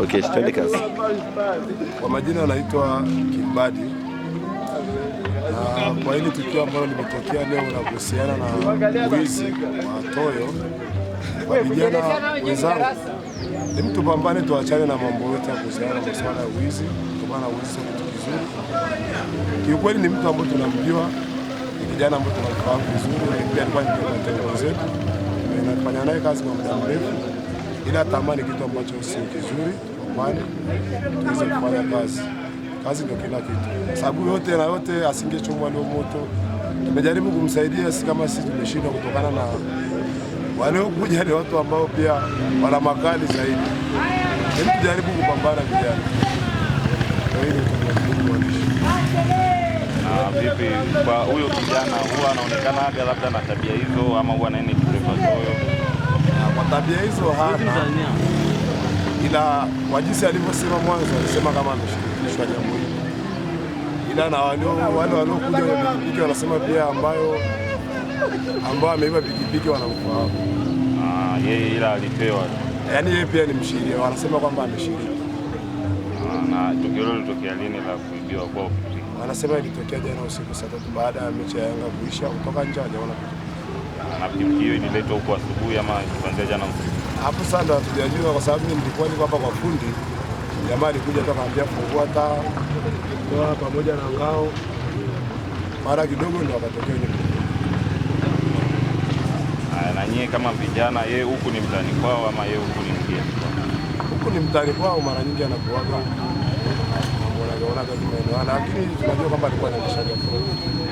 Okay, twende kazi. Kwa majina anaitwa Kimbadi. Na kwa hili tukio ambalo limetokea leo na kuhusiana na wizi wa toyo kwa vijana wenzangu, ni mtu pambane, tuachane na mambo yote ya kuhusiana na masuala ya wizi, kwa maana wizi kitu kizuri. Kiukweli ni mtu ambaye tunamjua, ni kijana ambaye tunamfahamu vizuri, pia alikuwa ni mteja wetu, tunafanya naye kazi kwa muda mrefu ila tamani kitu ambacho sio kizuri, tamani tuweze kufanya kazi. Kazi ndio kila kitu, sababu yote na yote asingechomwa ndio moto. Tumejaribu kumsaidia, si kama sisi tumeshindwa, kutokana na waliokuja ni watu ambao pia wana makali zaidi. Hebu tujaribu kupambana vijana. Ah, vipi kwa huyo kijana, huwa anaonekana labda na tabia hizo ama huwa nini kirefazoyo kwa tabia hizo hana, ila kwa jinsi alivyosema mwanzo, alisema kama ameshirikishwa jambo hili, ila na wale waliokuja na pikipiki wanasema pia, ambayo ambao ameiba pikipiki wanamfahamu ah, yeye, ila alipewa, yaani yeye pia ni mshiria wanasema kwamba ameshiriki. Ah, na tukio hilo lilitokea lini la kuibiwa kwao? Wanasema ilitokea jana usiku saa tatu baada ya mechi ya Yanga kuisha, kutoka nje hajaona pikipiki na pikipiki hiyo ililetwa huko asubuhi ama kuanzia jana usiku? Hapo sasa ndo hatujajua, kwa sababu nilikuwa niko hapa kwa fundi, jamaa alikuja tu akaambia fungua taa toa pamoja na ngao, mara kidogo ndo akatokea Haya, Na nyie kama vijana, yeye huku ni mtani kwao ama yeye huku ni mgeni? Huku ni mtani kwao, mara nyingi anakuwaga lakini tunajua kwamba alikuwa ni